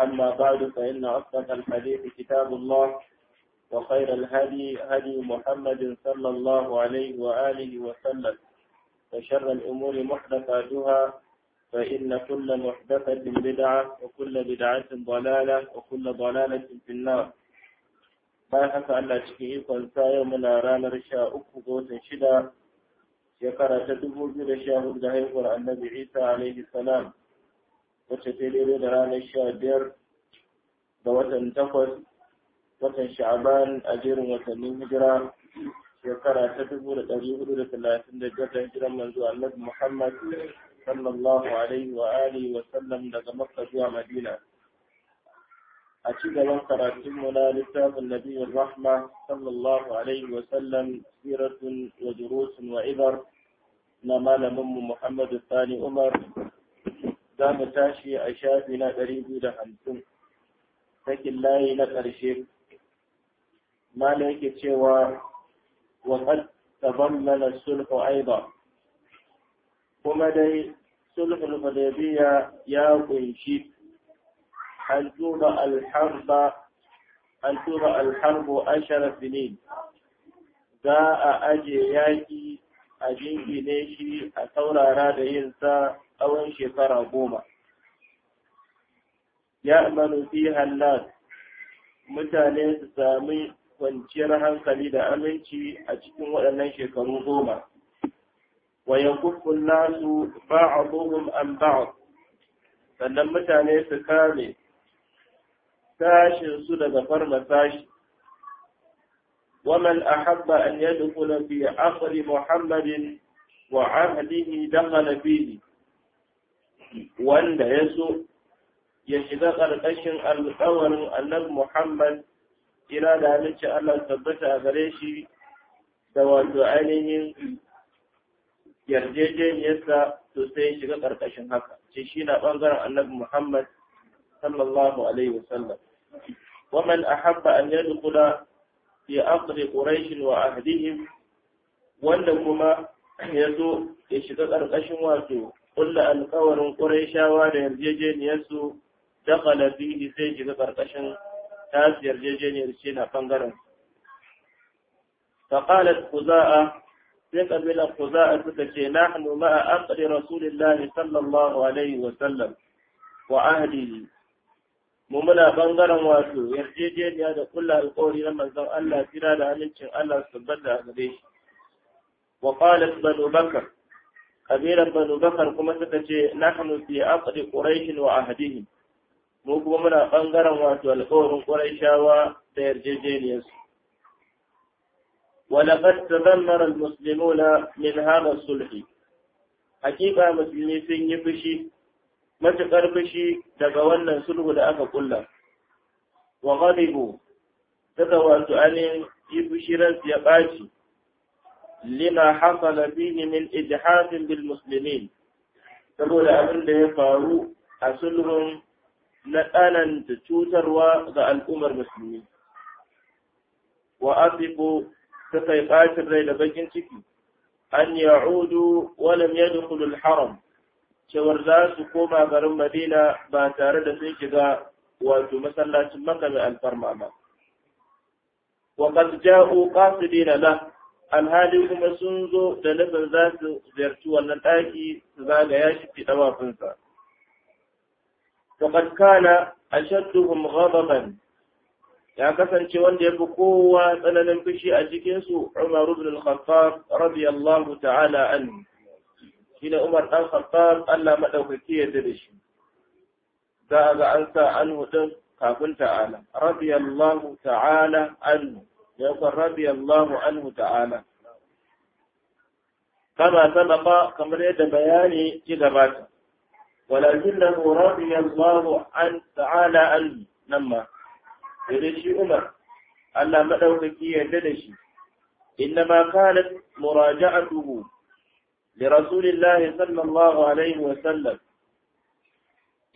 أما بعد فإن أصدق الحديث كتاب الله وخير الهدي هدي محمد صلى الله عليه وآله وسلم وشر الأمور محدثاتها فإن كل محدثة بدعة وكل بدعة ضلالة وكل ضلالة في النار bayan haka Allah cikin ikon sa رشاء أكبوت شدا يقرأ تدبو ga الدهي shida shekara ta dubu biyu wacce ta daidai da ranar sha biyar da watan takwas watan sha'aban a jerin watannin hijira shekara ta dubu da ɗari hudu da talatin da biyar da hijiran manzo annabi muhammad sallallahu alaihi wa alihi wa sallam daga makka zuwa madina a ci gaban karatun mu na littafin nabiyyar rahma sallallahu alaihi wa sallam siratun wa durusun wa ibar na malamin mu muhammadu sani umar za mu tashi a shafi na ɗari biyu da hamsin sakin layi na ƙarshe mala yake cewa wa qad mana sulhu aiba kuma dai sulhul hudaybiya ya ƙunshi. an tura alharba an tura alharbu za a ajiye yaƙi a jingine shi a saurara da yin sa tsawon shekara goma. Ya manufi hannas mutane su sami kwanciyar hankali da aminci a cikin waɗannan shekaru goma. Wa kufin nasu ba'aduhum an ba'ad, sannan mutane su kame su daga farma sashi. ومن أحب أن يدخل في عصر محمد وعهده دخل فيه wanda ya so ya shiga ƙarƙashin alƙawarin annabi Muhammad ina da halicci Allah tabbata a gare shi da wato ainihin yarjejeniyarsa to sai shiga ƙarƙashin haka ce shi na ɓangaren annabi Muhammad sallallahu alaihi wasallam ومن أحب أن يدخل في أصل قريش وعهدهم وأن كما ya يشتغل قشم واسوه kulla alkawarin ƙurayshawa da yarjejeniyarsu dakala fihi sai shiga ƙarƙashin tasu yarjejeniyar ce na ɓangaren. Faƙalar kuza'a sai ƙabilar kuza'a suka ce na hannu ma'a akari Rasulullahi sallallahu alaihi wa sallam wa ahlihi. Mu muna ɓangaren wato yarjejeniya da kulla alkawari na manzon Allah tira da amincin Allah su bada a gare shi. Wa qalat Banu Bakar kabilan banu kuma suka ce nahnu fi aqdi quraish wa ahdihim mu kuma muna bangaren wato alƙawarin quraishawa da yarjejeniyarsu ولقد تذمر المسلمون من sulhi? الصلح حقيقة مسلمين sun yi fushi matuƙar fushi daga wannan sulhu da aka kulla wa ghadibu daga wato anin yi fushi ransu ya ƙaci. lima hasala bihi min ijhadin bil muslimin saboda abin da ya faru a sulhun na tsananta cutarwa ga al'ummar musulmi wa asibu ta kai rai da bakin ciki an ya'udu walam yadkhulul haram cewar za su koma garin Madina ba tare da sun shiga wato masallacin Makka mai alfarma ba. Wa qad ja'u qasidina la alhali kuma sun zo da nufin za su ziyarci wannan ɗaki su zagaya shi fi ɗawafinsa. Fakat kana a shadduhum ghadaban ya kasance wanda ya fi kowa tsananin fushi a cikinsu Umar ibn al-Khattab radiyallahu ta'ala anhu. Shine Umar ɗan Khattab Allah maɗaukaki ya da shi. Za a ga an sa anhu ɗin kafin ta'ala radiyallahu ta'ala anhu. يقول رضي الله عنه تعالى كما سبق كما بيان بياني جدبات ولكنه رضي الله عنه تعالى عنه نما يدشي أمر ألا مدوكي يدشي إنما كانت مراجعته لرسول الله صلى الله عليه وسلم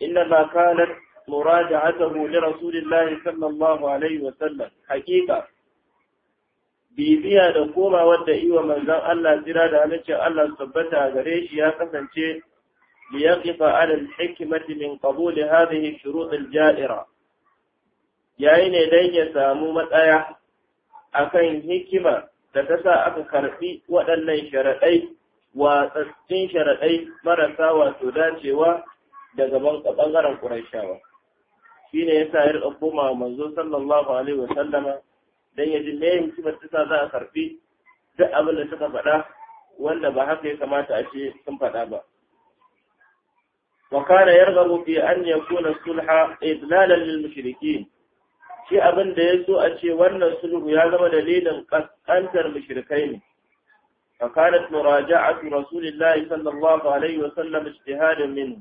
إنما كانت مراجعته لرسول الله صلى الله عليه وسلم حقيقة bibiya da koma yi iwa manzan Allah tsira da halittar Allah su tabbata gare shi ya kasance liyaqifa ala al-hikmati min qabul hadhihi shurut al-ja'ira yayi ne dan ya samu matsaya akan hikima da ta sa aka karbi waɗannan sharaɗai watsattin sharaɗai marasa wato dacewa daga bangaren ƙurashawa shi ne ya sa koma manzo sallallahu alaihi dan ya ji me hikimar ta za a karɓi duk abin da suka faɗa wanda ba haka ya kamata a ce sun faɗa ba wa kana yarghabu fi an yakuna sulha idlalan lil mushrikin shi abin da ya so a ce wannan sulhu ya zama dalilin kaskantar mushrikai ne فكانت مراجعة رسول الله صلى الله عليه وسلم اجتهادا منه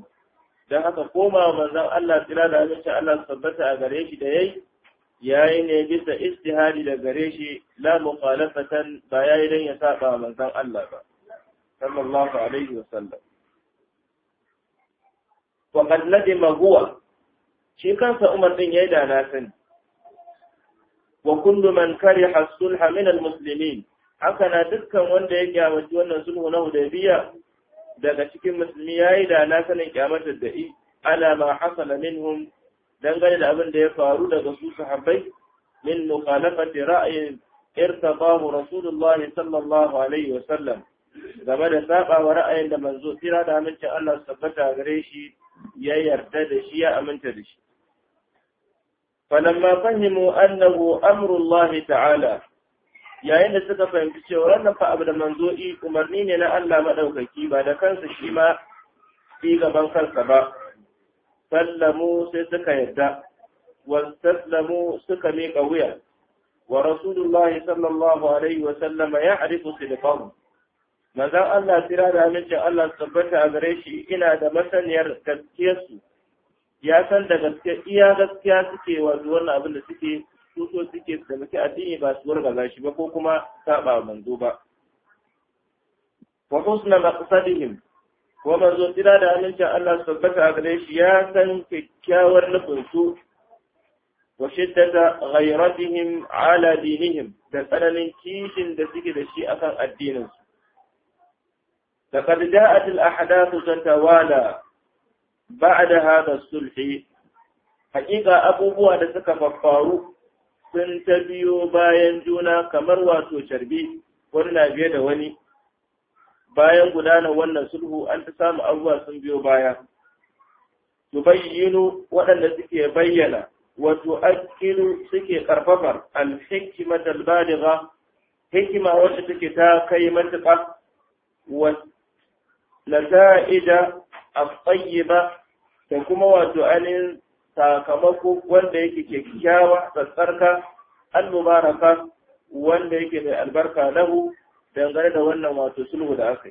da haka koma manzon Allah tsira da amince Allah tabbata a gare shi da yayi yayi ne bisa istihadi da gare shi la mukhalafatan ba yayi dan ya saba manzon Allah ba sallallahu alaihi wasallam wa qad nadima huwa shi kansa Umar din yayi da na sani wa kullu man kariha sulha min almuslimin haka na dukkan wanda ya kyamaci wannan sulhu na Hudaybiya daga cikin musulmi yayi da na sanin kyamatar da i ala ma hasala minhum dangane da abin da ya faru daga su sahabbai min mukhalafati ra'ayin irtabahu rasulullahi sallallahu alaihi wa sallam game da saba wa ra'ayin da manzo tira da amincin Allah su gare shi ya yarda da shi ya aminta da shi ma fahimu annahu amrullahi ta'ala yayin da suka fahimci cewa wannan fa abu da manzo umarni ne na Allah madaukaki ba da kansa shi ma fi gaban kansa ba sallamu sai suka yadda wastaslamu suka miƙa wuya wa rasulullahi sallallahu alaihi wa sallam ya arifu sidqahu manzon Allah tira da amincin Allah tabbata a gare shi ina da masaniyar su. ya san da gaskiya iya gaskiya suke wa wannan abin da suke su so suke da muke addini ba su wargaza shi ba ko kuma saba manzo ba wa husna maqsadihim ko manzo tsira da amincin Allah su tabbata a gare shi ya san kyakkyawar nufin su wa shiddata ghayratihim ala dinihim da tsananin kishin da suke da shi akan addinin su laqad ja'at al ahdath tatawala ba'da hadha sulh haƙiƙa abubuwa da suka faffaru sun ta biyo bayan juna kamar wato carbi wani na biye da wani bayan gudanar wannan sulhu an ta samu abubuwa sun biyo baya bayyinu waɗanda suke bayyana wato akilu suke karfafar alhikima dalbaliga hikima wacce take ta kai matuƙa wa nata'ida at-tayyiba da kuma wato anin sakamako wanda yake kyakkyawa tsarka al-mubaraka wanda yake da albarka lahu dangane da wannan wato sulhu da aka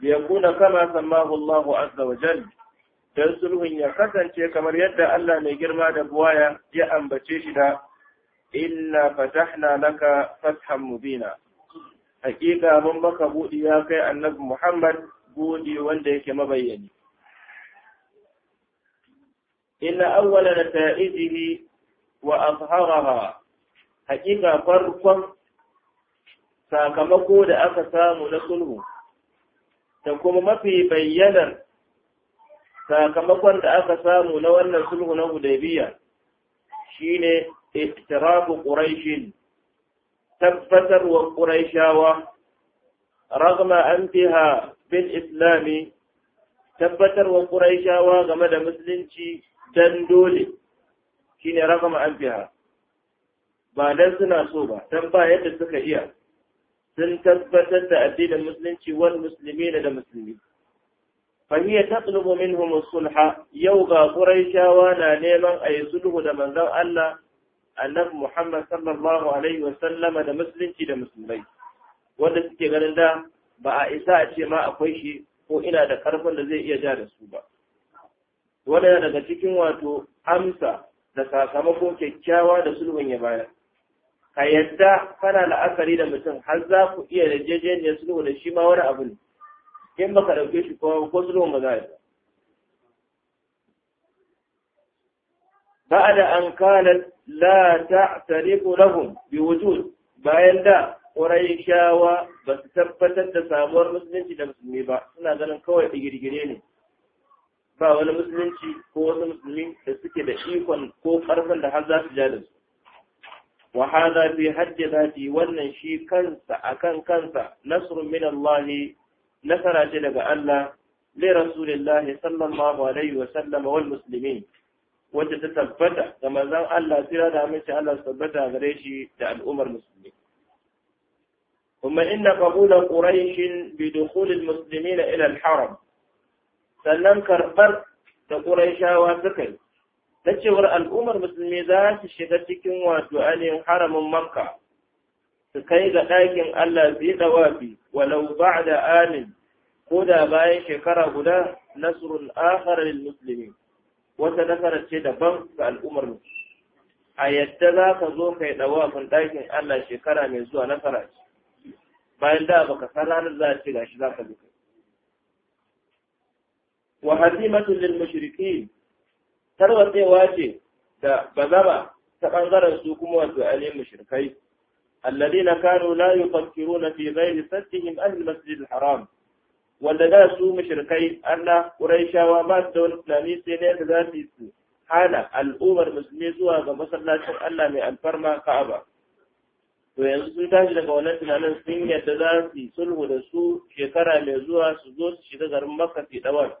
yi ya kuna kama sammahu Allahu azza wa jalla dan sulhun ya kasance kamar yadda Allah mai girma da buwaya ya ambace shi da inna fatahna laka fathan mubina hakika mun maka buɗi ya kai annabi Muhammad buɗi wanda yake mabayyani inna awwala nata'ijihi wa azharaha hakika farkon sakamako da aka samu na sulhu da kuma mafi bayyanar sakamakon da aka samu na wannan sulhu na hudaybiya shine iktirafu quraishin tabbatar wa quraishawa ragma antiha bil islami tabbatar wa quraishawa game da musulunci dan dole shine ragma antiha ba dan suna so ba dan ba yadda suka iya sun tabbatar da addinin musulunci wal musulmi da musulmi فهي تطلب Yau, الصلح يوغا na neman a yi sulhu da منزل Allah Allah, Muhammad sallallahu alaihi wa Sallama da musulunci da musulmai wanda suke ganin da ba a isa a ce ma akwai shi ko ina da karfin da zai iya ja da su ba wanda daga cikin wato amsa da sakamakon kyakkyawa da sulhun ya bayar ka yadda kana la'akari da mutum har za ku iya ya sulhu da shi ma wani abu ne in baka ɗauke shi ko ko sulhun ba za a yi بعد ta قالت لا تعترف bi بوجود bayan da ƙuraishawa ba su tabbatar da samuwar musulunci da musulmi ba suna ganin kawai digirgire ne ba wani musulunci ko wasu musulmi da suke da ikon ko ƙarfin da har za su ja da su وهذا في حد ذاتي والنشي كنسا أكن كنسا نصر من الله نصر جلب ألا لرسول الله صلى الله عليه وسلم والمسلمين وتتثبت كما زال ألا سيرا دامتي ألا تثبت غريشي تاع الأمر المسلمين ثم إن قبول قريش بدخول المسلمين إلى الحرم سلم كربر تقول إيشا واسكت na cewar al'ummar musulmi za su shiga cikin wato ainihin haramin makka su kai ga ɗakin Allah zai yi ɗawafi walau ba da amin ko da bayan shekara guda nasrun akhar lil muslimin wata nasara ce daban ga al'ummar mu a yadda za ka zo kai dawafin ɗakin Allah shekara mai zuwa nasara ce bayan da baka san ranar za ce shi, za ka zo kai wa lil mushrikin tarwatsewa ce da bazaba ta ɓangaren su kuma wato alim mushrikai na kanu la yufakkiruna fi ghairi sattihim ahli masjid al-haram wanda da su mushrikai Allah quraishawa ba su da wani tunani sai ne da za su yi hana al'ummar musulmi zuwa ga masallacin Allah mai alfarma Ka'aba to yanzu sun tashi daga wannan tunanin sun yadda za su yi sulhu da su shekara mai zuwa su zo su shiga garin Makka fi dawar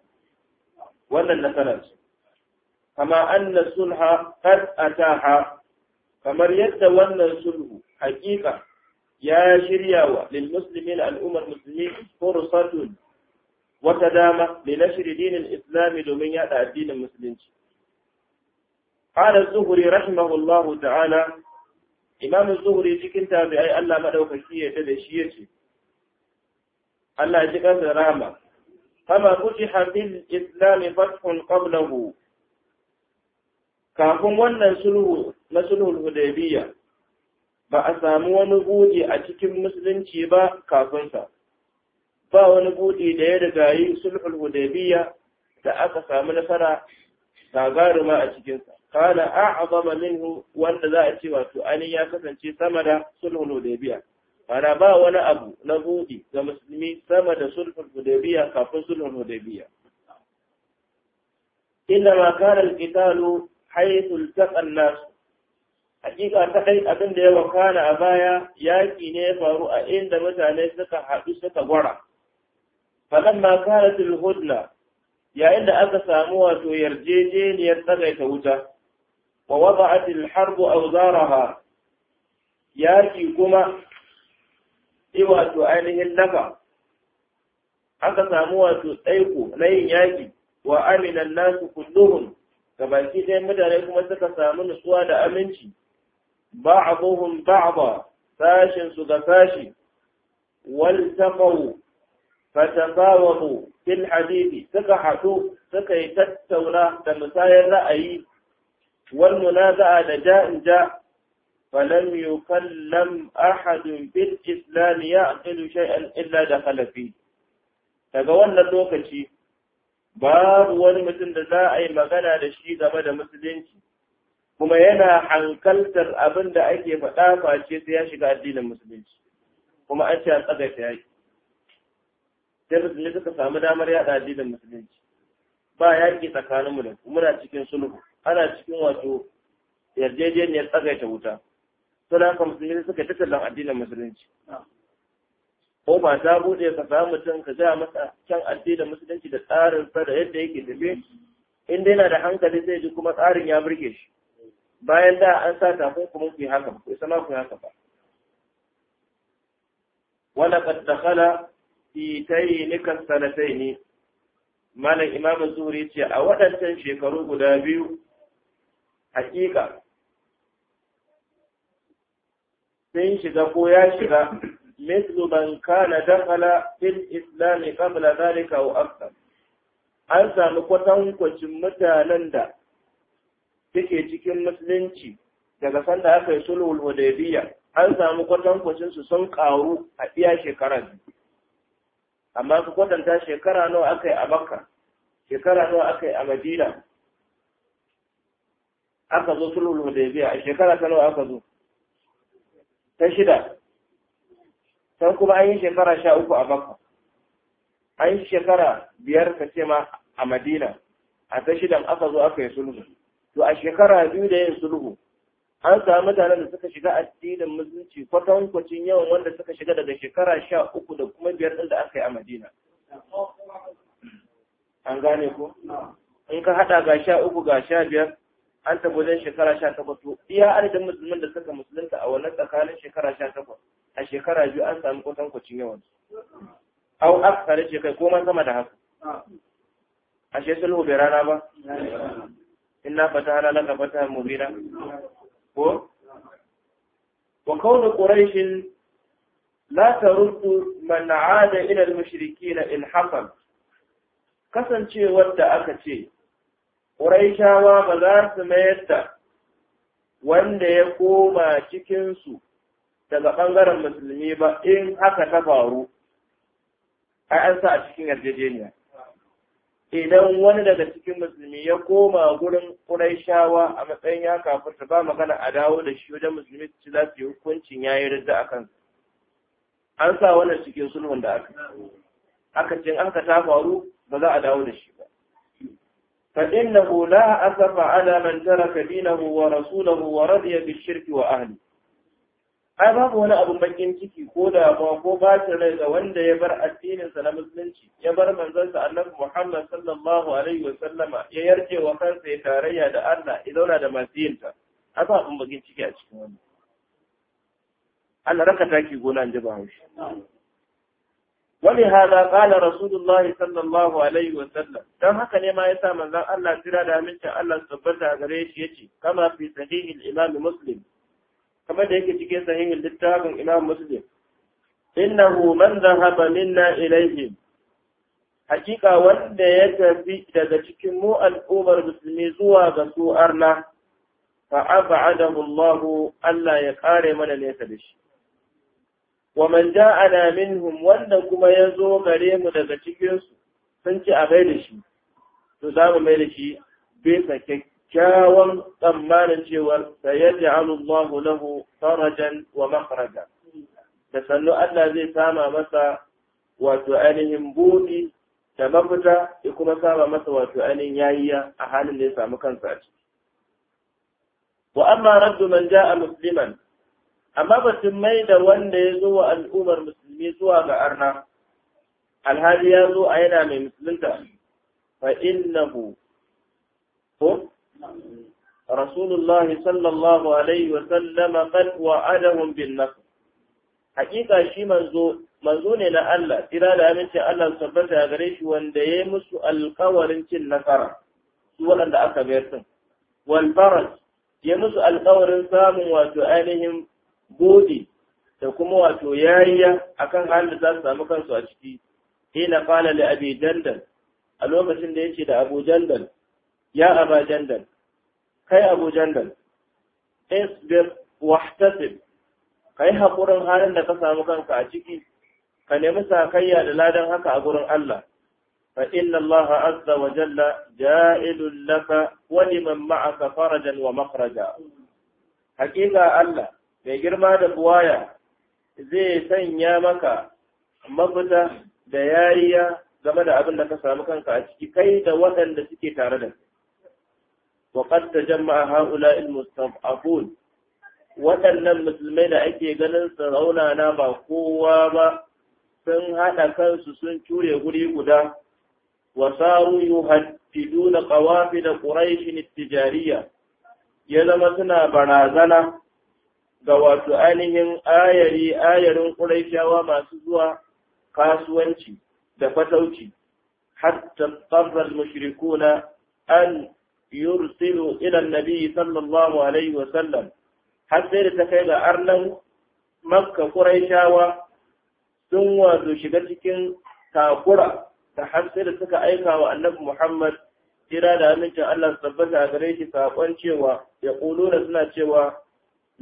wannan nasarar كما أن الصلح قد أتاح كما يد وأن الصلح حقيقة يا شرياوة للمسلمين الأمة المسلمين فرصة وتدامة لنشر دين الإسلام دمية الدين المسلمين قال الزهري رحمه الله تعالى إمام الزهري تكنت بأي ألا مدو فشية تدشية ألا جكت راما فما فتح في الإسلام فتح قبله kafin wannan sulhu na sulhul hudaybiyya ba a samu wani buɗi a cikin musulunci ba kafin sa, ba wani buɗi da ya riga yi sulhul hudaybiyya da aka samu nasara gagaruma a cikinsa kana a'zama minhu wanda za a ce wato ani ya kasance sama da sulhul hudaybiyya kana ba wani abu na buɗi ga musulmi sama da sulhul hudaybiyya kafin sulhul hudaybiya inna ma kana al haitul iltaqa nas hakika ta kai abin da ya wakana a baya yaki ne ya faru a inda mutane suka haɗu suka gwara falamma ma al-hudna yayin da aka samu wato yarjejeniyar tsagaita wuta wa wada'at al-harb awzaraha yaki kuma wato ainihin nafa. aka samu wato tsaiko na yin yaki wa aminan nasu kulluhum gabaki ɗaya mutane kuma suka samu nutsuwa da aminci ba a ba'dha sashin su ga sashi wal taqaw fatafawadu fil hadithi suka hadu suka yi tattauna da musayar ra'ayi wal munaza'a da ja'in ja falam yukallam ahadun fil islam ya'qilu shay'an illa dakhala fihi daga wannan lokaci babu wani mutum da za a yi magana da shi game da musulunci kuma yana hankaltar abin da ake faɗa face sai ya shiga addinin musulunci kuma an ce an ta yaki sai musulmi suka samu damar yaɗa addinin musulunci ba yaƙi tsakaninmu da muna cikin sulhu ana cikin wato yarjejeniyar tsagaita wuta suna haka musulmi suka tattalin addinin musulunci ko ba ta bude ka samu mutum ka ga masa can addini da musulunci da tsarin sa da yadda yake tafe in dai yana da hankali zai ji kuma tsarin ya burge shi bayan da an sa kuma ku haka ba ku isa ku yi haka ba wala qad dakhala fi taynika malam imam zuri ce a waɗancan shekaru guda biyu hakika sun shiga ko ya shiga مثل من كان دخل في الإسلام قبل ذلك أو أكثر an sami kwatankwacin mutanen da suke cikin musulunci daga sanda aka yi sulhul hudaybiya an samu kwatankwacin su sun karu a iya shekara amma su kwatanta shekara nawa aka yi a makka shekara nawa aka yi a madina aka zo sulhul hudaybiya a shekara ta nawa aka zo ta shida sai kuma an yi shekara sha uku a makka an yi shekara biyar ka ce ma a madina a ta shidan aka zo aka yi sulhu to a shekara biyu da yin sulhu an samu mutanen da suka shiga addinin musulunci kwatankwacin yawan wanda suka shiga daga shekara sha uku da kuma biyar ɗin da aka yi a madina an gane ko in ka haɗa ga sha uku ga sha biyar an tabbatar shekara sha takwas to iya adadin musulmin da suka musulunta a wannan tsakanin shekara sha takwas a shekara biyu an samu kusan kucin yawan au aksara ce kai koma sama da haka ashe sulhu bai rana ba inna fatahana laka fatahan mubina ko wa kaunu quraishin la taruddu man aada ila al-mushrikeena in hakan kasancewar da aka ce quraishawa ba za su mayar da wanda ya koma cikin su daga ɓangaren musulmi ba in haka ta faru a an sa a cikin yarjejeniya idan wani daga cikin musulmi ya koma gurin shawa a matsayin ya kafirta ba magana a dawo da shi wajen musulmi su za su yi hukuncin ya yi rida a kansa an sa wannan cikin sulhun da aka aka cin aka ta faru ba za a dawo da shi ba fa innahu la asafa ala man taraka dinahu wa rasulahu wa radiya bi shirki wa ahli ai babu wani abin bakin ciki ko ba ko bacin rai ga wanda ya bar addininsa na musulunci ya bar sa annabi Muhammad sallallahu alaihi wa sallama ya yarje wa kansa ya tarayya da Allah ya zauna da masiyinta haka abun abin bakin ciki a cikin wannan Allah raka taki gona in ji ba haushi wani hada kala rasulullahi sallallahu alaihi wa sallam dan haka ne ma yasa manzon Allah jira da amincin Allah tabbata gare shi yace kama fi sahihil imam muslim kamar da yake cikin sahihin littafin imam muslim innahu man dhahaba minna ilayhim hakika wanda ya tafi daga cikin mu al'ummar musulmi zuwa ga su arna fa ab'adahu Allah Allah ya kare mana nesa da shi wa man ja'ana minhum wanda kuma yazo gare mu daga cikin su sun ci a da shi to za mu mai da shi sakai kyakkyawan tsammanin cewar sayyaji alullahu lahu farajan wa makaraja da sannu Allah zai sama masa wato ainihin buɗi da mafita ya kuma sama masa wato ainihin yayiya a halin da ya samu kansa a ciki. Wa amma raddu man ja'a musliman amma batun mai da wanda ya zo wa al'ummar musulmi zuwa ga arna alhali ya zo a yana mai musulunta fa innahu ko رسول الله صلى الله عليه وسلم قد وعدهم بالنصر حقيقة شي منزو manzo ne na Allah tira da amincin Allah su tabbata gare shi wanda ya musu alkawarin cin nasara su waɗanda aka bayar sun ya musu alkawarin samun wato ainihin bodi da kuma wato yariya akan halin da za su samu kansu a ciki hina na li abi jandal a lokacin da yace da abu jandal ya aba jandal kai abu jandal isbir wahtasib kai haƙurin halin da ka samu kanka a ciki ka nemi sakayya da ladan haka a gurin Allah fa inna Allah azza wa jalla ja'ilul laka wa liman ma'aka farajan wa makhraja Allah mai girma da buwaya zai sanya maka mafita da yariya game da abin da ka samu kanka a ciki kai da waɗanda suke tare da kai وقد تجمع هؤلاء المستضعفون waɗannan musulmai da ake ganin su na ba kowa ba sun haɗa kansu sun cure guri guda wasaru yuhaddiduna qawafid ƙuraishin tijariya ya zama suna barazana ga wato ainihin ayari ayarin quraishawa masu zuwa kasuwanci da fatauci hatta qarra al an yursilu ila annabi sallallahu alaihi wa sallam har da ta kai ga arnan makka quraishawa sun wato shiga cikin takura da har da suka aika wa annabi muhammad kira da amincin Allah su tabbata a gare shi saƙon cewa ya ƙuluna suna cewa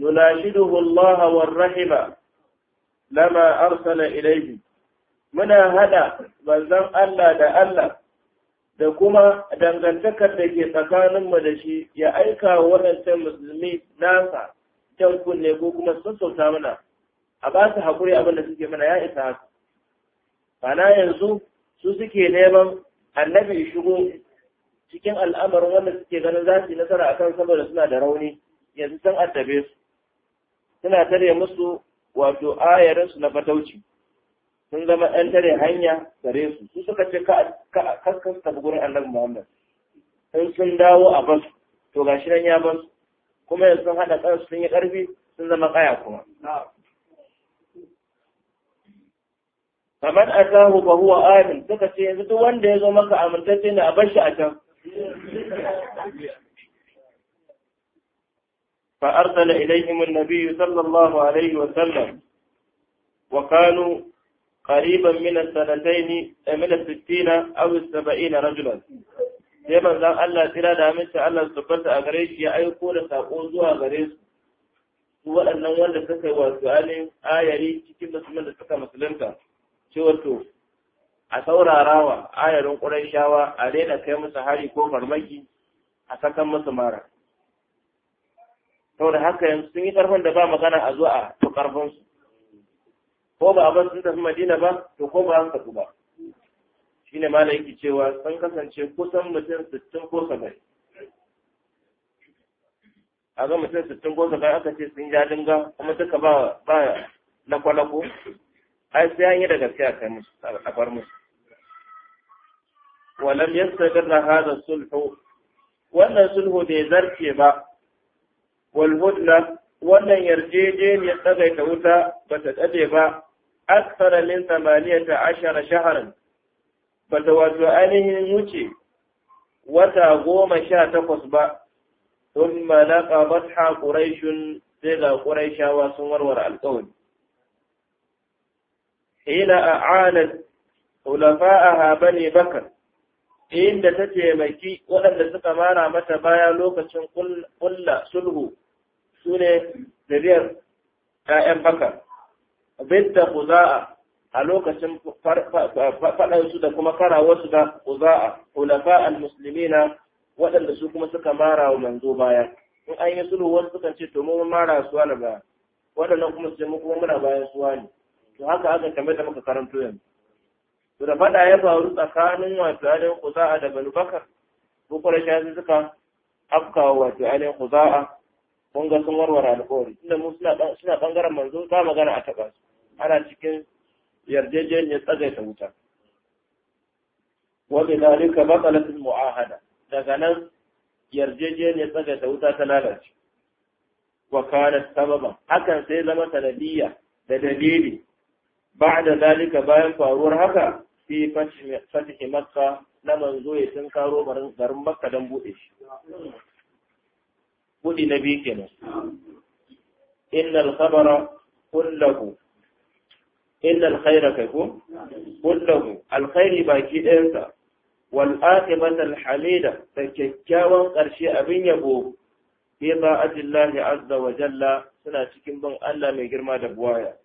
nunashiduhu Allah war rahima lama arsala ilayhi muna hada manzon Allah da Allah da kuma dangantakar da ke tsakaninmu da shi ya aika waɗancan musulmi nasa can kunne ko kuma sun sauta mana a ba su haƙuri abin da suke mana ya isa haka Bana yanzu su suke neman annabi shigo cikin al'amarin wanda suke ganin za su yi nasara akan saboda suna da rauni yanzu sun addabe su suna tare musu wato ayarinsu na fatauci sun zama ɗan tare hanya gare su su suka ce kaskas tafi gurin annabi muhammad sun sun dawo a basu to shi nan ya basu kuma yanzu sun haɗa kansu sun yi ƙarfi sun zama ƙaya kuma kamar a tahu ba huwa amin suka ce yanzu duk wanda ya zo maka amintacce ne a bar shi a can فأرسل nabiyyu sallallahu alayhi wa sallam, wa kanu قريبا من السنتين من الستين أو السبعين رجلا sai manzon Allah tsira da aminci Allah su tabbata a gare shi ya aiko da sako zuwa gare su su waɗannan wanda suka yi wasu alin ayari cikin musulman da suka musulunta cewa to a saurarawa ayarin ƙurayshawa a daina kai musu hari ko farmaki a sakan musu mara saboda haka yanzu sun yi ƙarfin da ba magana a zuwa a ƙarfinsu ko ba a bar sun tafi madina ba to ko ba an tafi ba shi ne mala yake cewa sun kasance kusan mutum sittin ko saba'in a ga mutum sittin ko saba'in aka ce sun ja dinga kuma duka ba ba lakwalako ai sai an yi da gaske a kai musu a bar musu walam yastadirra hada sulhu wannan sulhu bai zarce ba wal hudna wannan yarjejeniyar tsagaita wuta ba ta tsade ba akthara min 18 shahran bata wato ainihin wuce wata goma sha takwas ba thumma laqa batha quraishun sai ga quraishawa sun warware alƙawari hina a'anat khulafa'aha bani bakr inda ta taimaki waɗanda suka mara mata baya lokacin ƙulla sulhu su ne zuriyar ‘ya'yan baka bidda khuza'a a lokacin faɗansu da kuma karawarsu da khuza'a hulafa al-muslimina waɗanda su kuma suka mara wa manzo baya in an yi sulhu wasu sukan ce to mun mara su na ba waɗannan kuma su ce mu kuma muna bayan su wani, to haka haka kamar da muka karanto yanzu to da faɗa ya faru tsakanin wato ainihin khuza'a da banu bakar bukwar shafi suka afkawa wato ainihin khuza'a kun ga sun warware alƙawari tunda mu suna bangaren manzo ba magana a taɓa su ana cikin yarjejeniyar tsagaita wuta wa bi dalika batalat al mu'ahada daga nan yarjejeniyar tsagaita wuta ta lalace wa kanat sababa hakan sai zama sanadiyya da dalili ba'da dalika bayan faruwar haka fi fatihi makka na manzo ya sun karo garin makka don buɗe shi buɗi na biyu kenan innal khabara kullahu illa alkhaira kai ko kullahu alkhairi baki ɗayansa wal aqibatul hamida da kyakkyawan ƙarshe abin yabo fi ta'atillahi azza wa jalla suna cikin bin Allah mai girma da buwaya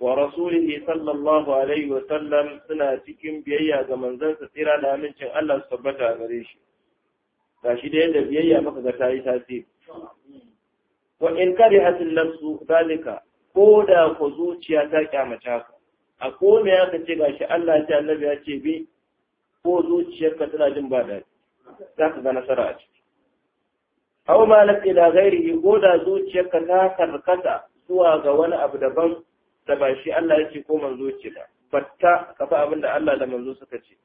wa rasulihi sallallahu alaihi wa sallam suna cikin biyayya ga manzansa tsira da amincin Allah su tabbata a gare shi gashi da yadda biyayya maka ga tayi tasiri wa in karihatin nafsu zalika ko da ku zuciya ta kyamata ka a ko me ya kace gashi Allah ya annabi ya ce bi ko zuciyarka tana jin ba daɗi za ka ga nasara a ciki aw ma la ila ghairihi ko da zuciyarka ta karkata zuwa ga wani abu daban da ba shi Allah ya ce ko manzo ce ba fatta ka fa abin da Allah da manzo suka ce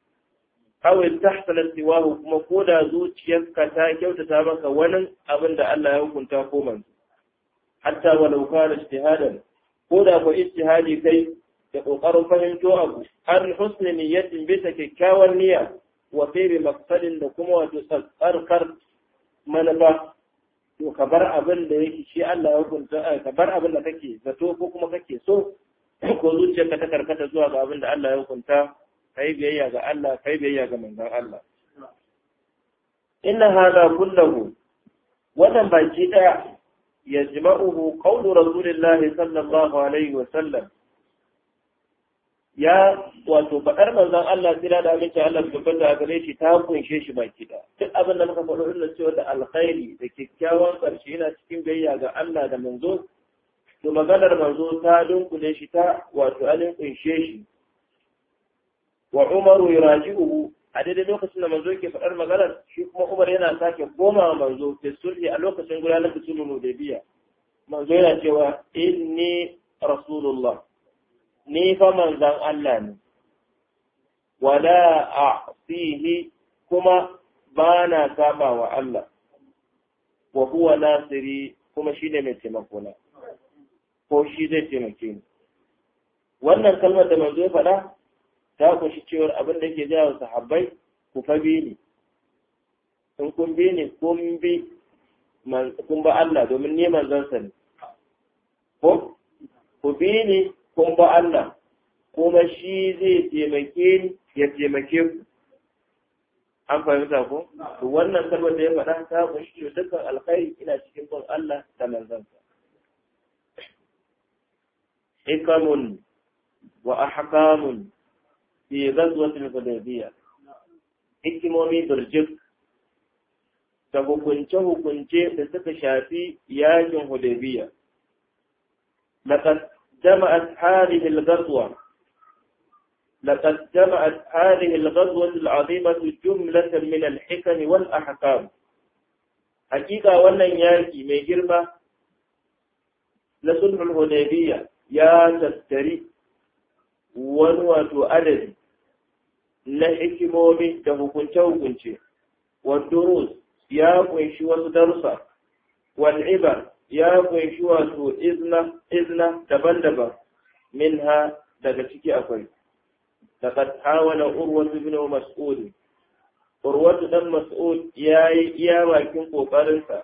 aw tahtala siwahu kuma ko da zuciyarka ta kyautata maka wani abin da Allah ya hukunta ko manzo hatta walau kana ijtihadan ko da ko ijtihadi kai da kokarin fahimto abu har husni niyyatin ta kyakkyawan niyya wa sairi maqsadin da kuma wato tsarkar manufa to ka bar abin da yake shi Allah ya hukunta eh, ka bar abin da kake zato ko kuma kake so ko zuciyarka ta karkata zuwa ga abin da Allah ya hukunta kai biyayya ga Allah kai biyayya ga manzon Allah inna hada kullahu wannan baki daya يجمعه قول رسول الله صلى الله عليه وسلم ya wato faɗar manzon Allah sai da aminci Allah su tabbata a gare shi ta kunshe shi baki da duk abin da muka faɗo din cewa da alkhairi da kyakkyawan ƙarshe yana cikin gayya ga Allah da manzo su maganar manzo ta dunkule shi ta wato alin kunshe shi wa Umaru yuraji'uhu a daidai lokacin da manzo ke faɗar maganar shi kuma Umar yana sake komawa manzo ke sulhi a lokacin gudanar da sulhu biya. manzo yana cewa inni rasulullah ni fa manzan Allah ne wala a'sihi kuma ba na saba wa Allah wa huwa nasiri kuma shi ne mai taimakona ko shi zai taimake ni wannan kalmar da manzo ya faɗa ta kushi cewar abin da ke wa sahabbai ku fa bi ni in kun bi ni kun bi kun ba Allah domin ni manzon sa ne ko ku bi ni kun ba Allah kuma shi zai taimake ni ya taimake ku an fahimta ko to wannan kalmar da ya faɗa ta kunshi dukkan alkhairi ina cikin bin Allah da manzon sa hikamun wa ahkamun في غزوة الحديبية hikimomi birjik da hukunce-hukunce da suka shafi yakin Hudaybiya. Laqad jama'at hadhihi al-ghazwa لقد جمعت هذه الغزوة العظيمة جملة من الحكم والأحكام حقيقة wannan yaki mai girma na sulhul hudaybiya ya tattari wani wato adadi na hikimomi da hukunce-hukunce, wadduruz ya kunshi wasu darsa, darussa, wal'iba ya kunshi wato izna daban-daban min ha daga ciki akwai. Daƙar hawana urwatu bin mas'ud urwatu dan mas'ud ya yi iya bakin ƙoƙarinsa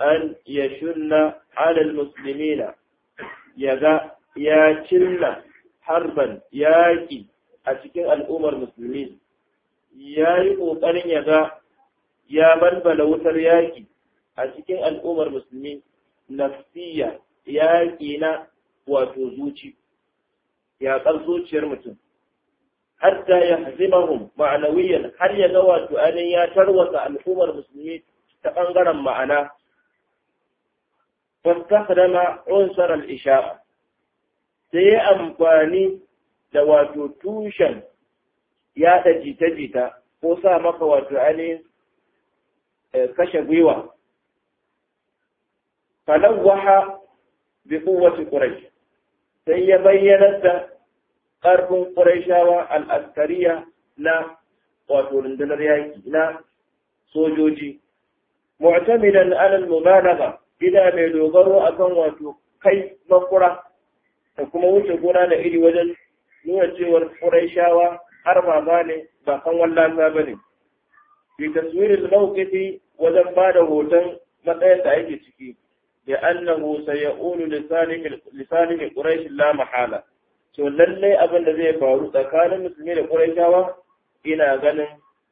an ya shunna alal musulmina ya ga ya cilla harban yaƙi a cikin al'ummar musulmi ya yi ƙoƙarin ya ga ya balbala wutar yaƙi a cikin al'ummar musulmi nafsiya yaƙi na wato zuci yaƙar zuciyar mutum hatta ya hazimahum ma'anawiyan har ya ga wato ainihin ya tarwasa al'ummar musulmi ta ɓangaren ma'ana fastakdama unsarar ishara sai ya amfani da wato tushen yaɗa jita-jita ko sa maka wato ainihin eh, kashe gwiwa falawaha bi kuwwati quraish sai ya bayyana da ƙarfin quraishawa al na wato rundunar yaƙi na sojoji mu'tamidan ala al-mubalagha ida mai dogaro akan wato kai makura da kuma wuce gona da iri wajen nuna cewar ƙuraishawa har ma ba ne ba kan za ba ne. Bi taswirin mawqifi wajen ba da hoton matsayin da ake ciki, da annahu sayaqulu lisanihi quraish la mahala. To lallai abin da zai faru tsakanin musulmi da ƙuraishawa ina ganin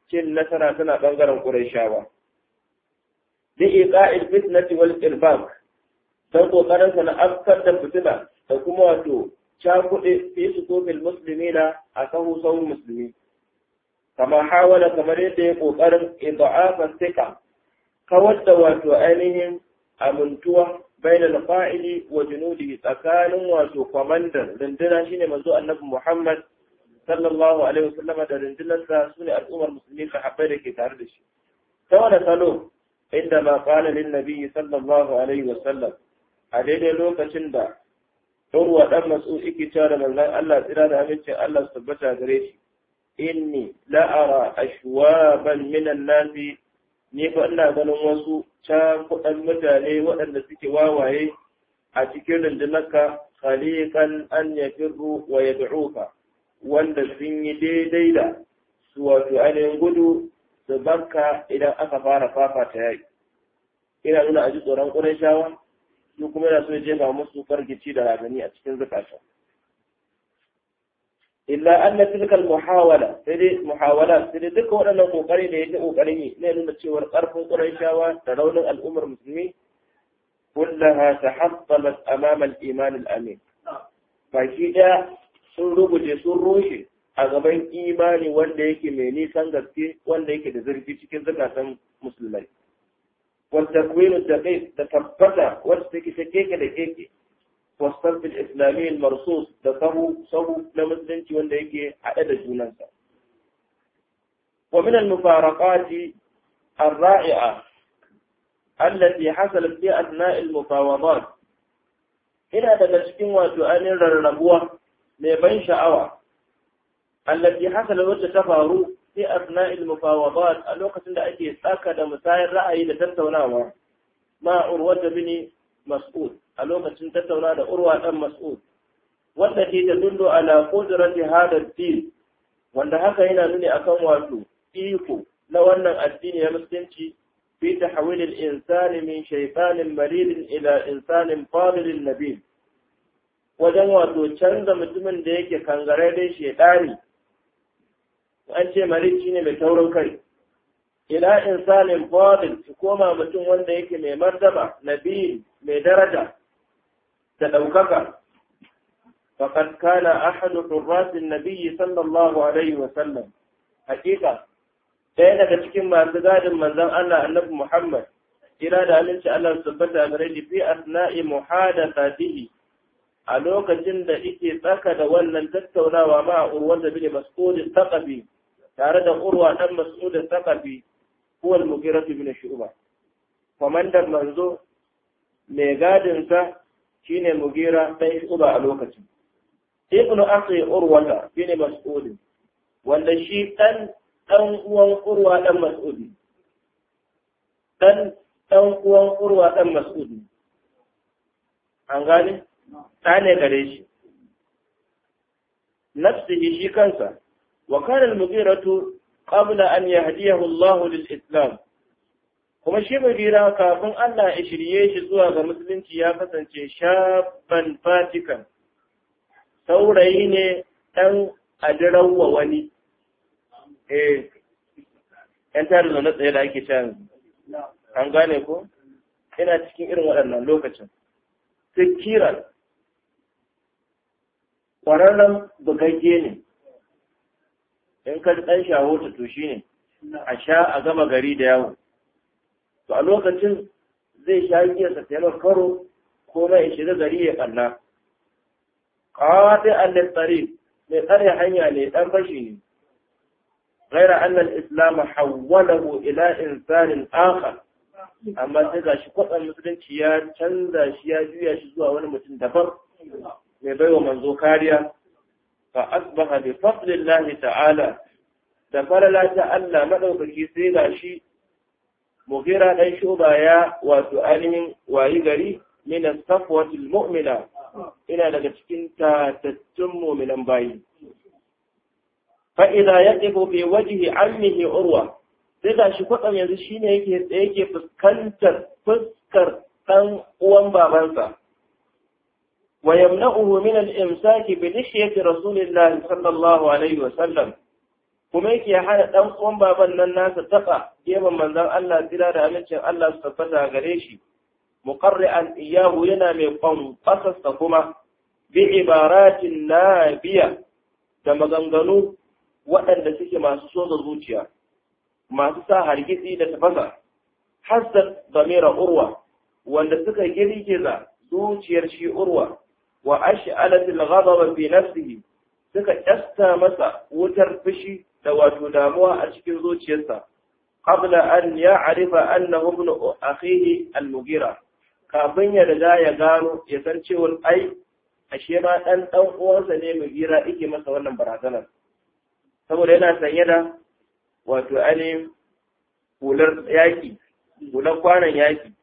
cin nasara tana ɓangaren ƙuraishawa. Bi iqa'il fitnati wal irbaq dan kokarin sa na da fitina da kuma wato cakuɗe fi su kofin musulmi na a sahu sahun musulmi kamar hawala kamar yadda ya ƙoƙarin idu'afa sika kawar da wato ainihin amintuwa da fa'ili wa junudi tsakanin wato kwamandan rundunar shine manzo annabi Muhammad sallallahu alaihi wasallama da rundunarsa su ne al'ummar musulmi sahabbai da ke tare da shi ta wani salo inda ma qala lin nabi sallallahu alaihi wasallam a daidai lokacin da urwa dan mas'ud iki tare da manzon Allah tsira da amincin Allah su tabbata gare shi inni la'ara ashwaban minan nasi ni fa ina ganin wasu ta cakuɗan mutane waɗanda suke wawaye a cikin rundunarka khaliqan an ya firru wa ya yad'uka wanda sun yi daidai da su wato ainihin gudu su banka idan aka fara fafata yi. ina nuna a ji tsoron ƙunan shawa su kuma yana so ya jefa musu fargici da ragani a cikin zukatan illa anna tilkal muhawala sai dai muhawala sai dai duka waɗannan kokari da ya kokarin yi ne nuna cewa karfin qurayshawa da raunin al'ummar musulmi kullaha tahattalat amama al-iman amin baki da sun ruguje sun rushe a gaban imani wanda yake mai nisan gaske wanda yake da zurfi cikin zakatan musulmai wal takwil da kai da tabbata wacce take ta keke da keke wasar fil marsus da sahu sahu na musulunci wanda yake haɗe da junansa wa min al mufaraqati ar ra'i'a allati hasalat fi asna' al mufawadat ina daga cikin wato ainihin rarrabuwa mai ban sha'awa allati hasala wacce ta faru fi asna'il mufawadat a lokacin da ake tsaka da musayar ra'ayi da tattaunawa ma urwata bini mas'ud a lokacin tattauna da urwa dan mas'ud wanda ke da dundo ala qudrati hada din wanda haka yana nuni akan wato iko na wannan addini ya musulunci fi tahwil al-insani min shaytanin marid ila insanin fadil nabil wajen wato canza mutumin da yake kangare dai shedari an ce malik shine mai taurin kai ila insanin fadil su koma mutum wanda yake mai martaba nabi mai daraja da daukaka faqad kana ahadu hurratin nabiyyi sallallahu alaihi wa sallam hakika ɗaya daga cikin masu gadin manzon Allah annabi Muhammad ila da alinci Allah tabbata gare shi fi asna'i muhadathatihi a lokacin da yake tsaka da wannan tattaunawa ma urwanda bin mas'ud taqabi tare da urwa dan mas'ud sakafi huwa al-mughira ibn shu'ba komandar manzo mai gadin sa shine mugira dan shu'ba a lokacin ibnu akhi urwa shine mas'ud wanda shi dan dan uwan urwa dan mas'ud dan dan uwan urwa dan mas'ud an gane Ta ne gare shi nafsi shi kansa وكان المغيرة قبل أن يهديه الله للإسلام kuma shi mugira kafin Allah ya shirye shi zuwa ga musulunci ya kasance shaban fatikan saurayi ne ɗan adirawa wani eh ‘yan tare zaune tsaye da ake can an gane ko ina cikin irin waɗannan lokacin sikiran ƙwararren bugagge ne in ka ɗan shawo ta to shi ne a sha a gama gari da yawo to a lokacin zai sha giyarsa sa yamar karo ko na ya shiga gari ya ɓanna sai allin tsari mai tsare hanya ne ɗan fashi ne gaira islamu islam hawwalahu ila insanin Aka, amma sai ga shi kwatsan musulunci ya canza shi ya juya shi zuwa wani mutum daban mai baiwa manzo kariya fa asbaha bi fadlillahi ta'ala da farala ta Allah madaukaki sai gashi mugira dan shuba ya wato alimin wayi gari min as-safwatil mu'mina ina daga cikin tatattun mu'minan bayi fa idza yaqifu fi wajhi ammihi urwa sai gashi kwatsam yanzu shine yake yake fuskantar fuskar dan uwan babansa ويمنعه من الإمساك بلحية رسول الله صلى الله عليه وسلم kuma yake hana ɗan uwan baban nan nasa taɓa gefen manzon Allah tsira da amincin Allah su tabbata gare shi muqarri'an iyahu yana mai kwanfasasta kuma bi ibaratin nabiya da maganganu waɗanda suke masu soza zuciya masu sa hargitsi da tafasa hassan damira urwa wanda suka girgiza zuciyar shi urwa wa ash'alat al-ghadab fi nafsihi suka kyasta masa wutar fushi da wato damuwa a cikin zuciyarsa qabla an ya'rifa annahu ibn akhihi al-mughira kafin ya riga ya gano ya san cewa ai ashe ma dan dan uwansa ne mughira yake masa wannan barazanar saboda yana sanye da wato ainihin hular yaƙi, hular kwanan yaƙi,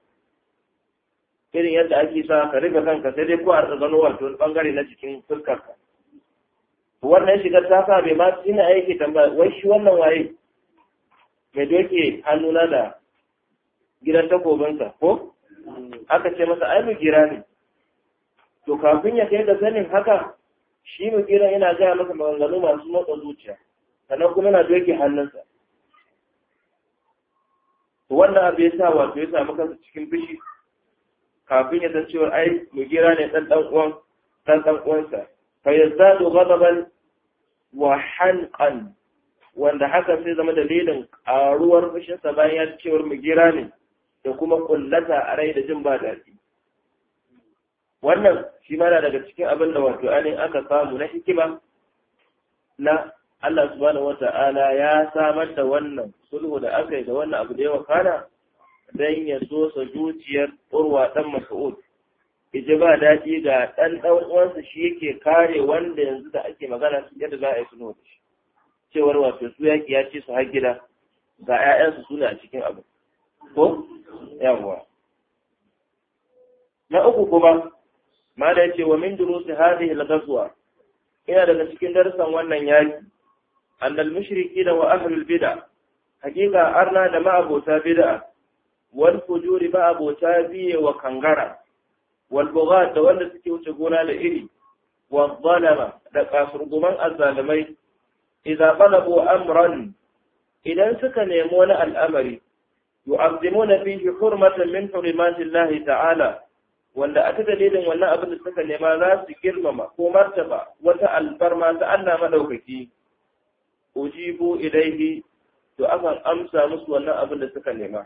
irin yadda ake sa ka rufe kanka sai dai ko a tsazano wato wani bangare na cikin fuskarka wannan shigar ta sa bai ma ina aiki tambaya wai shi wannan waye mai doke hannuna da gidan takobinsa ko aka ce masa ai mu gira ne to kafin ya kai da sanin haka shi mu gira yana gaya masa maganganu masu motsa zuciya sannan kuma yana doke hannunsa wannan abu ya sa wato ya samu kansa cikin fushi kafin ya san cewa ai mu mugira ne dan dan uwan dan dan uwansa fa yazadu ghadaban wa hanqan wanda haka sai zama dalilin karuwar fushin sa bayan ya cewa gira ne da kuma kullata a rai da jin ba daɗi wannan shi ma daga cikin abin da wato ainihin aka samu na hikima na Allah subhanahu wata'ala ya samar da wannan sulhu da aka yi da wannan abu da yawa kana dan ya so zuciyar urwa dan mas'ud iji ba daɗi ga ɗan ɗan shi yake kare wanda yanzu da ake magana su yadda za a yi suno shi cewar wato su yaƙi ya ce su har gida ga 'ya'yansu suna a cikin abu ko yawwa na uku kuma ma da ce wa min durusi hadhihi al ina daga cikin darsan wannan yaki annal mushriki da wa ahlul bid'a hakika arna da ma'abota bid'a wal fujuri ba abota biye wa kangara wal da wanda suke wuce gona da iri wa zalama da kasurguman azzalimai idza qalabu amran idan suka nemi wani al'amari yu'azzimuna fihi hurmatan min hurmatillahi ta'ala wanda a ta dalilin wannan abin da suka nema za su girmama ko martaba wata alfarma ta Allah madaukaki ujibu ilaihi to akan amsa musu wannan abin da suka nema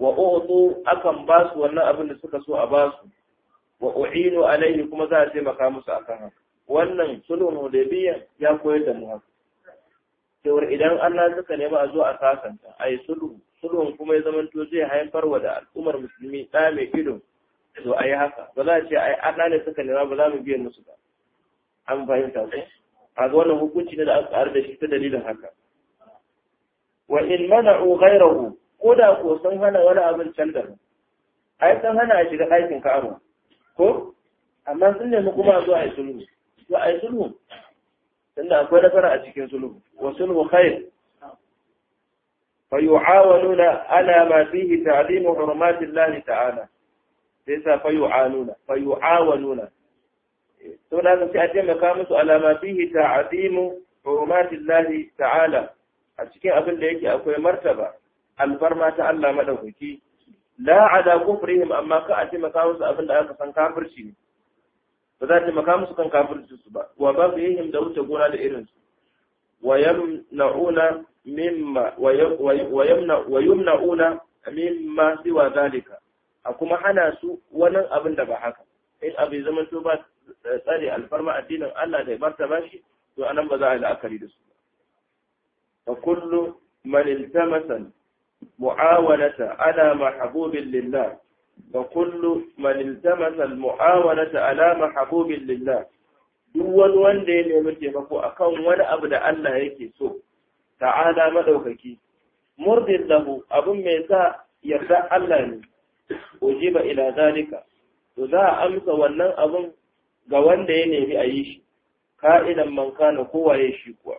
wa utu akan ba su wannan abin da suka so a ba su wa uhinu alaihi kuma za a taimaka musu akan haka wannan sulhun hudaybiyya ya koyar da mu haka cewar idan Allah suka nemi a zo a sasanta ai sulhu sulhun kuma ya zamanto zai haifar wa da al'ummar musulmi da mai ido to ai haka ba za a ce ai Allah ne suka nemi ba za mu biyan musu ba an fahimta ko a ga wannan hukunci ne da aka da shi ta dalilin haka wa in mana'u ghayrahu ko da ko sun hana wani abin can da ai sun hana a shiga aikin karo ko amma sun nemi kuma zuwa a yi sulhu to a yi sulhu da akwai nasara a cikin sulhu wa sulhu khair fa yu'awaluna ala ma fihi ta'limu hurmatillahi ta'ala sai sa fa yu'aluna fa yu'awaluna to da ci a taimaka musu ala ma fihi ta'limu hurmatillahi ta'ala a cikin abin da yake akwai martaba alfarma ta Allah madaukaki la ala kufrihim amma ka a taimaka musu abin da aka san kafirci ne ba za ta taimaka musu kan kafirci su ba wa ba yihim da wuce gona da irin su wa yamna'una mimma wa yamna'una mimma siwa zalika a kuma hana su wannan abin da ba haka in abin zaman to ba tsare alfarma addinin Allah da martaba shi to anan ba za a yi la'akari da su ba fa kullu man iltamasa معاونة على محبوب لله وكل من التمس المعاونة على محبوب لله duk wani wanda ya nemi taimako kan wani abu da Allah yake so ta'ala madaukaki murdin lahu abin mai sa yarda Allah ne ujiba ila zalika to za a amsa wannan abin ga wanda ya nemi a yi shi ka'idan man kana kowa ya shi kuwa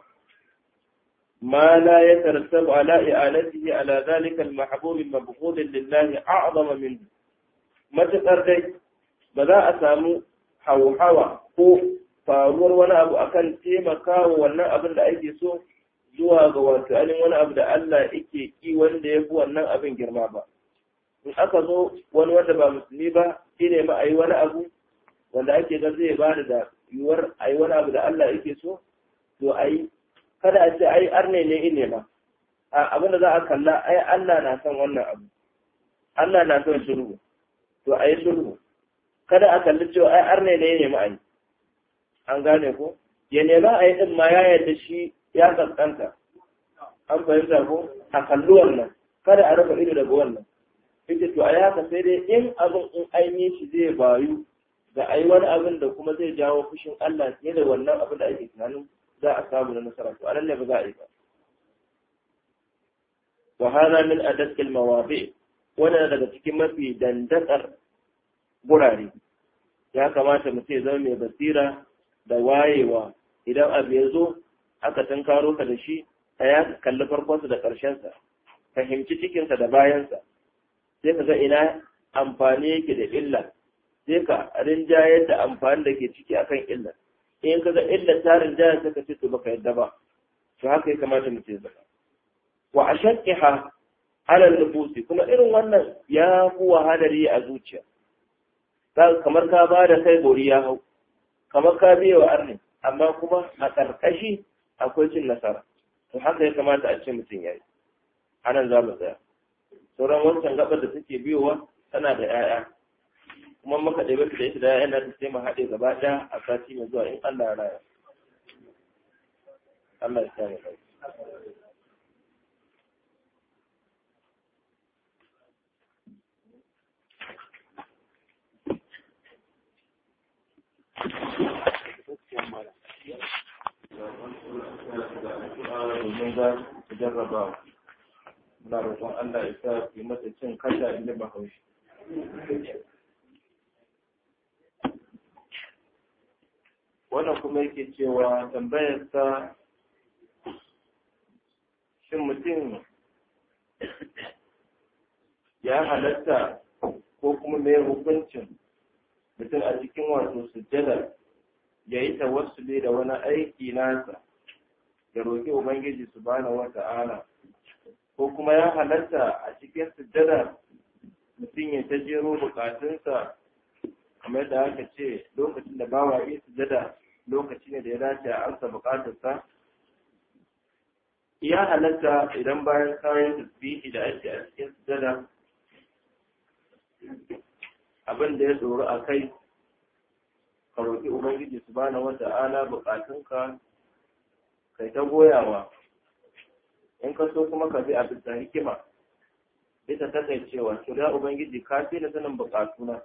ما لا يترتب على إعانته على ذلك المحبوب المبغوض لله أعظم منه dai تقردي بذا أسامو حو حو هو faruwar wani abu akan taimakawa wannan abin da ake so zuwa ga wato ainihin wani abu da Allah yake ki wanda ya fi wannan abin girma ba in aka zo wani wanda ba musulmi ba shi ma a yi wani abu wanda ake ga zai ba da a yi wani abu da Allah yake so to a yi kada a ce ai arne ne ine ba abin da za a kalla ai Allah na son wannan abu Allah na son sulhu to ai sulhu kada a kalli cewa ai arne ne ne ma ai an gane ko ya nema ai din ma ya yadda shi ya kaskanta an fahimta ko a kalli wannan kada a raba ido daga wannan ita to ai haka sai dai in abin in ne shi zai bayu ga ai wani abin da kuma zai jawo fushin Allah fiye da wannan abin da ake tunanin za a samu na nasara to ne ba za a yi ba wa hada min adaskil mawabi daga cikin mafi dandatsar gurare ya kamata mutum ya zama mai basira da wayewa idan abu ya zo aka tunkaro ka da shi a ya kalli sa da ƙarshensa fahimci cikinsa da bayansa sai ka ga ina amfani yake da illa sai ka rinjayar da amfani da ke ciki akan illar in ka ga illa tarin jaya ta ce to baka yadda ba to haka ya kamata ce zaka wa halar ala nufusi kuma irin wannan ya fi wahalari a zuciya ka kamar ka ba da kai gori ya hau kamar ka biya wa arni amma kuma a ƙarƙashi akwai cin nasara to haka ya kamata a ce mutum yayi anan za mu tsaya sauran wancan gabar da take biyowa tana da 'ya'ya kuma muka ɗebe da ita yana da sai mu haɗe gaba ɗaya a sati mai zuwa in Allah ya raya Allah ya sa mu Allah ya sa cin ba haushi wannan kuma yake cewa tambayarsa shin mutum ya halatta ko kuma mai hukuncin mutum a cikin wato sujjada ya yi tawassuli da wani aiki nasa ya roƙi ubangiji su bana ana ko kuma ya halatta a cikin sujjada mutum ya ta jero bukatunsa kamar da aka ce lokacin da bawa yi sujjada lokaci ne da ya dace a amsa bukatarsa ya halatta idan bayan kayan tasbihi da ake a cikin sujada abin da ya tsoro a kai ka roƙi ubangiji su wata ala bukatunka kai ta goyawa in ka so kuma ka bi a bisa hikima bisa takaicewa to ubangiji ka fi na sanin bukatuna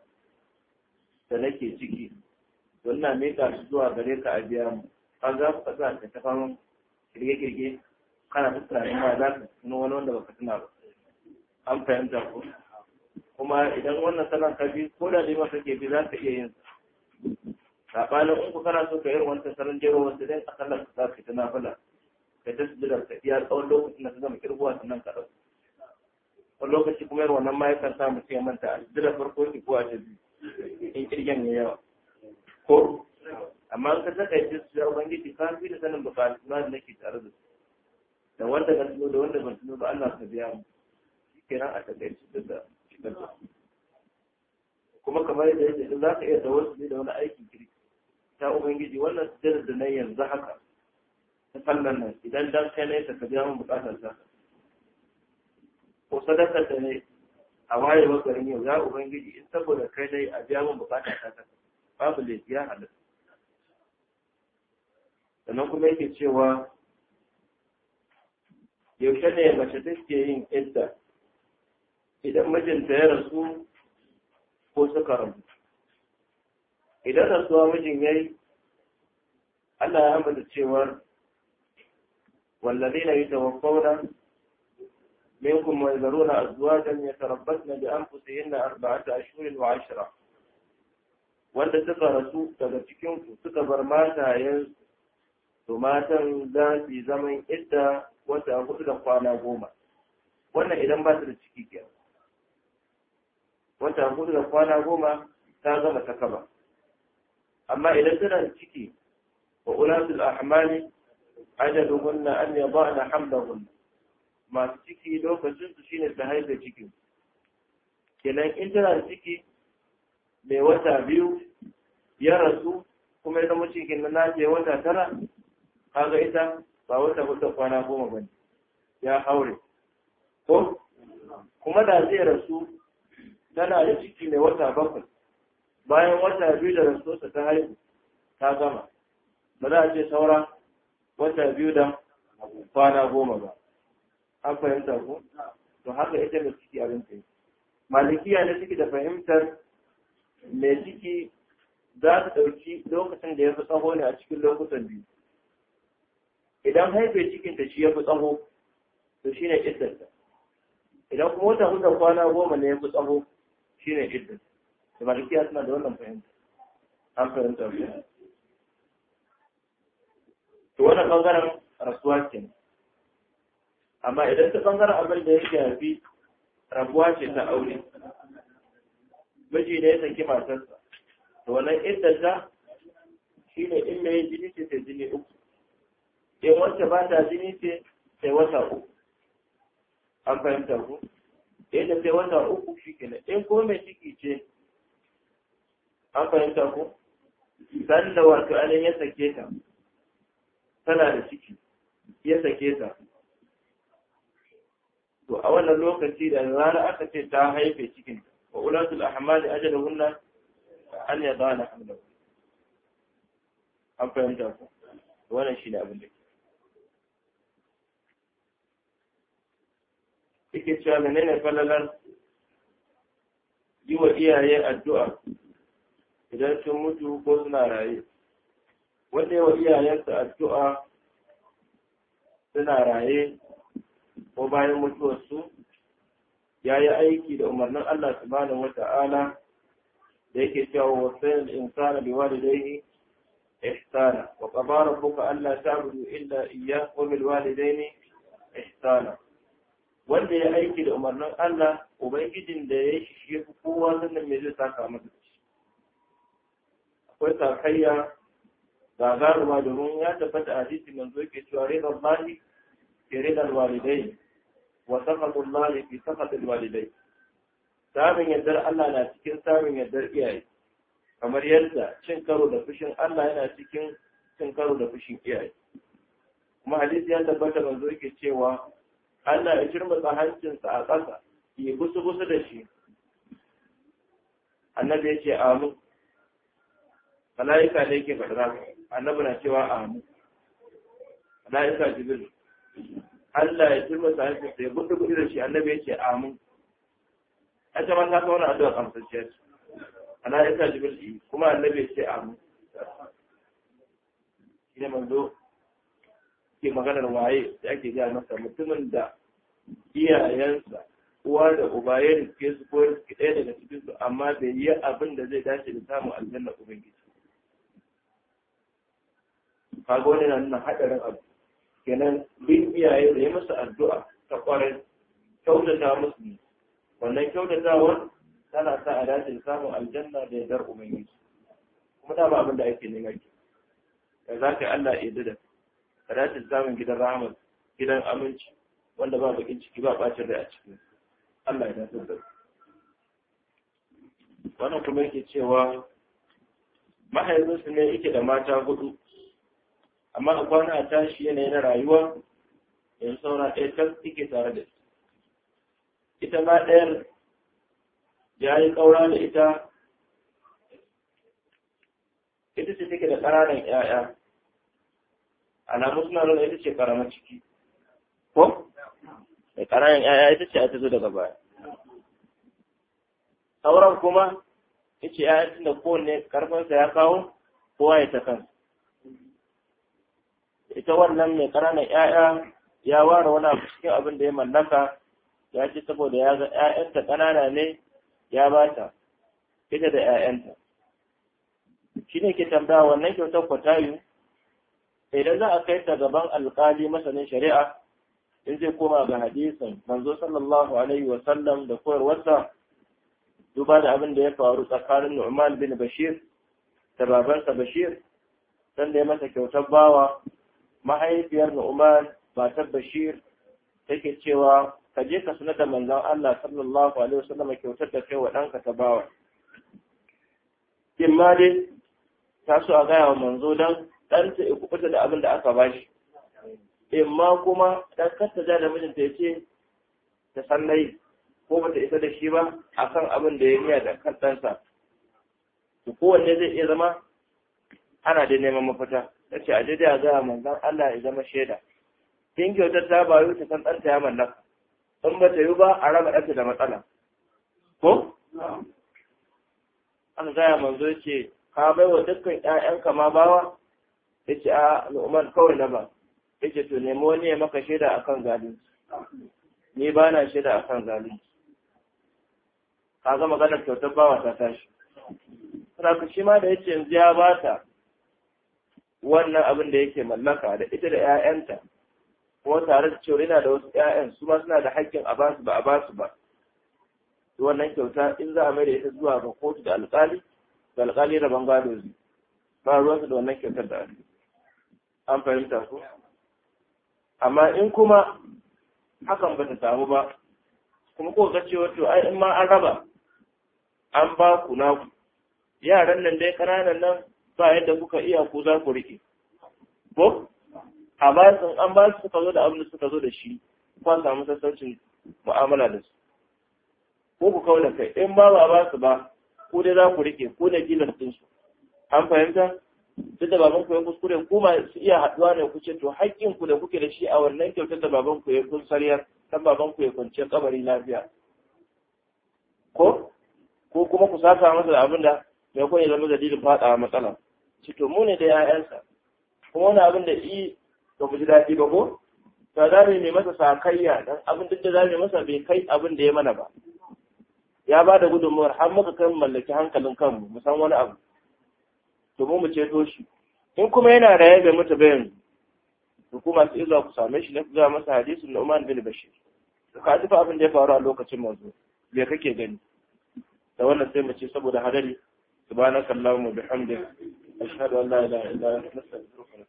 da nake ciki to na mika su zuwa gare ka a biya mu ka za ku kasa ka ta fama kirge-kirge kana ta ne ma za ka tuno wani wanda baka tuna ba an fahimta ko kuma idan wannan salon ka bi ko da lima ke bi za ka iya yin sa saɓanin in ku kana so ka yi wancan salon jero wanda zai a sallar ka za ka ta fala ka ta sujudar ka iya tsawon lokacin da ka gama kirguwa sannan ka ɗauka wani lokaci kuma yin wannan ma yakan mutum ya manta a sujudar farko ki ko a ta biyu in kirgen ya yawa ko amma ka ka takaice su ya ubangiji ka fi da sanin bukatu na da nake tare da su da wanda ka tuno da wanda ban tuno ba Allah ka biya mu kenan a takaice da da kuma kamar yadda yake za ka iya da wasu ne da wani aikin kirki ta ubangiji wannan sujjada da nan yanzu haka ta fallan nan idan dan kai ne ta ka biya mu bukatar ta ko sadaka da ne a waye garin yau ya ubangiji in saboda kai dai a biya mu bukatar ta babu laifi a halatta sannan kuma yake cewa yaushe ne mace take yin idda idan mijinta ya rasu ko suka rabu idan rasuwa mijin ya yi Allah ya ambata cewar wallazi na yi tawaffauna minkum wa zaruna azwajan yatarabbatna bi anfusihinna arba'ata ashhurin wa ashra wanda suka rasu daga cikinku suka bar matayensu to matan za su yi zaman idda wata hudu da kwana goma wannan idan ba su da ciki ke wata hudu da kwana goma ta zama ta kaba amma idan suna da ciki wa ulatul ajalu ajaluhunna an yadana hamdahunna masu ciki lokacin su shine su haifa cikin kenan in suna da ciki mai wata biyu ya rasu kuma ya zama cikin na ce wata tara kaga ita ba wata wata kwana goma ba ne ya haure ko kuma da zai rasu tana da ciki mai wata bakwai bayan wata biyu da rasuwarsa ta haihu ta gama ba za a ce saura wata biyu da kwana goma ba an fahimta ko to haka ita da ciki abin ta yi malikiya da ciki da fahimtar mai ciki za ta ɗauki lokacin da ya fi tsaho ne a cikin lokutan biyu idan haife cikin ta shi ya fi tsaho to shi ne ƙiddarta. idan kuma wata huta kwana goma ne ya fi tsaho ne ƙiddarta. da malikiya suna da wannan fahimta an fahimta su to wannan ɓangaren rasuwa ce amma idan ta ɓangaren abin da ya shafi rabuwa ce ta aure miji ne ya saki matarsa to wannan ta shi ne in mai jini ce sai jini uku in wacce ba ta jini ce sai wata uku an fahimta ku in da sai wata uku shi kenan in ko mai ciki ce an fahimta ku sanda wato anin ya sake ta tana da ciki ya sake ta to a wannan lokaci da rana aka ce ta haife cikin wa الأحمال أجلهن أن an yadana hamlahu an fahimta شيء wannan shine abin da yake cewa menene falalar yi wa iyaye addu'a idan sun mutu ko suna raye wanda yi wa iyayensa addu'a suna raye ko bayan mutuwarsu ya yi aiki da umarnin Allah subhanahu wata'ala da yake cewa wasan insana bi walidayhi ihsana wa allah rabbuka alla ta'budu illa iyyah wa bil walidayni ihsana wanda ya aiki da umarnin Allah ubangijin da ya shi shi fi kowa sannan me zai saka masa akwai sakayya gagaruma domin ya tabbata a hadisi manzo yake cewa ridan Allah ke ridan wa sakatun mali fi sakatun walidai samun yardar Allah na cikin samun yardar iyaye kamar yadda cin karo da fushin Allah yana cikin cin karo da fushin iyaye kuma hadisi ya tabbata manzo yake cewa Allah ya kirmasa hancinsa a ƙasa yi gusu gusu da shi annabi ya ce amin mala'ika ne yake faɗa annabi na cewa amin mala'ika jibril Allah ya cimma sa hancin sai gudu gudu da shi annabi ya ce amin a ta mata ta wani addu'a kamsasshiya ce ana isa sa jibril kuma annabi ya ce amin shi ne manzo ke maganar waye da ake gaya masa mutumin da iyayensa uwa da uba ya rike su ko rike ɗaya daga cikin su amma bai yi abin da zai dace da samun aljanna ubangiji kaga wani na nuna haɗarin abu kenan bin iyaye da ya masa addu'a ta ƙwarai kyautata musu ne, wannan kyautatawar tana sa a dace samun aljanna da yardar ubangiji kuma da ba abin da ake nema ke da za ka yi Allah ya dada ka dace samun gidan rahmat gidan aminci wanda ba bakin ciki ba bacin rai a cikin Allah ya dace da wannan kuma yake cewa mahaifinsu ne yake da mata hudu amma a kwana a tashi yanayi na rayuwa yanzu saura ɗaya tas suke tare da ita ma ɗayar ya yi ƙaura da ita ita ce take da ƙananan ‘ya'ya alamu suna nuna ita ce ƙarama ciki ko da ƙananan ‘ya'ya ita ce ta zo daga baya sauran kuma ita ‘ya'ya tun da kowanne ƙarfinsa ya kawo kowa ya ta kansa ita wannan mai ƙananan ‘ya'ya ya ware wani abu cikin abin da ya mallaka ya ce saboda ya ga ‘ya'yanta ƙanana ne ya ba ta ita da ‘ya'yanta shi ne ke tambaya wannan kyautar kwatayu idan za a kai ta gaban alƙali masanin shari'a in zai koma ga hadisin manzo sallallahu alaihi wa sallam da koyarwarsa duba da abin da ya faru tsakanin Nu'man bin Bashir da babansa Bashir sanda ya masa kyautar bawa mahaifiyar Nu'man matar Bashir take cewa ka je ka sanar da manzon Allah sallallahu alaihi wasallam kyautar da kai wa ɗanka ta bawa ma dai ta so a gaya wa manzo dan ɗanta ya kubuta da abin da aka bashi ma kuma dan kasta ja da mijinta ya ce ta sallai ko bata isa da shi ba akan abin da ya yi da kan ɗansa to kowanne zai iya zama ana dai neman mafita na ce a je a gaya manzan Allah ya zama shaida kin kyautar ta bayu ta san ɗanta ya mallaka in ba ta yi ba a raba ɗanta da matsala ko An gaya manzo ya ce ka bai wa dukkan 'ya'yanka ma bawa ya ce a nu'man kawai na ba ya ce to nemo ne maka shaida akan zalunci ni ba na shaida akan zalunci ka ga maganar kyautar bawa ta tashi Sarakashi ma da ya ce yanzu ya ba ta wannan abin da yake mallaka da ita da 'ya'yanta ko tare da cewa yana da wasu 'ya'yan su ma suna da haƙƙin a basu ba a basu ba to wannan kyauta in za a mai da ita zuwa ga kotu da alƙali da alƙali da bangado zai ba ruwansa da wannan kyautar da ake an fahimta ko amma in kuma hakan ba ta samu ba kuma ko ga cewa to ai in ma an raba an ba ku naku yaran nan dai kananan nan ba yadda kuka iya ku za ku riƙe ko a ba su an ba su suka zo da abin da suka zo da shi ba samu sassancin mu'amala da su ko ku kawo da kai in ba ba ba su ba Ku dai za ku riƙe ku ne gilas din su an fahimta duk da baban ku ya kuskure ku ma su iya haɗuwa ne ku ce to haƙƙin ku da kuke da shi a wannan kyautar da baban ku ya kun sariyar kan baban ku ya kwance kabari lafiya ko ko kuma ku saka masa da abin da mai kwanye zama dalilin faɗa matsala Cito, mu ne da 'ya'yansa kuma wani abin da i ba ku ji daɗi ba ko to za mu yi masa sakayya dan abin duk da za mu yi masa bai kai abin da ya mana ba ya ba da gudunmuwar har muka kan mallaki hankalin kanmu mu san wani abu to mu mu ceto shi in kuma yana raye bai mutu ba yanzu to kuma ku same shi na zuwa masa hadisin na Umar bin Bashir to ka ji abin da ya faru a lokacin mazo me kake gani da wannan sai mu ce saboda hadari subhanakallahumma bihamdika أشهد أن لا إله إلا أنت نستغفرك الله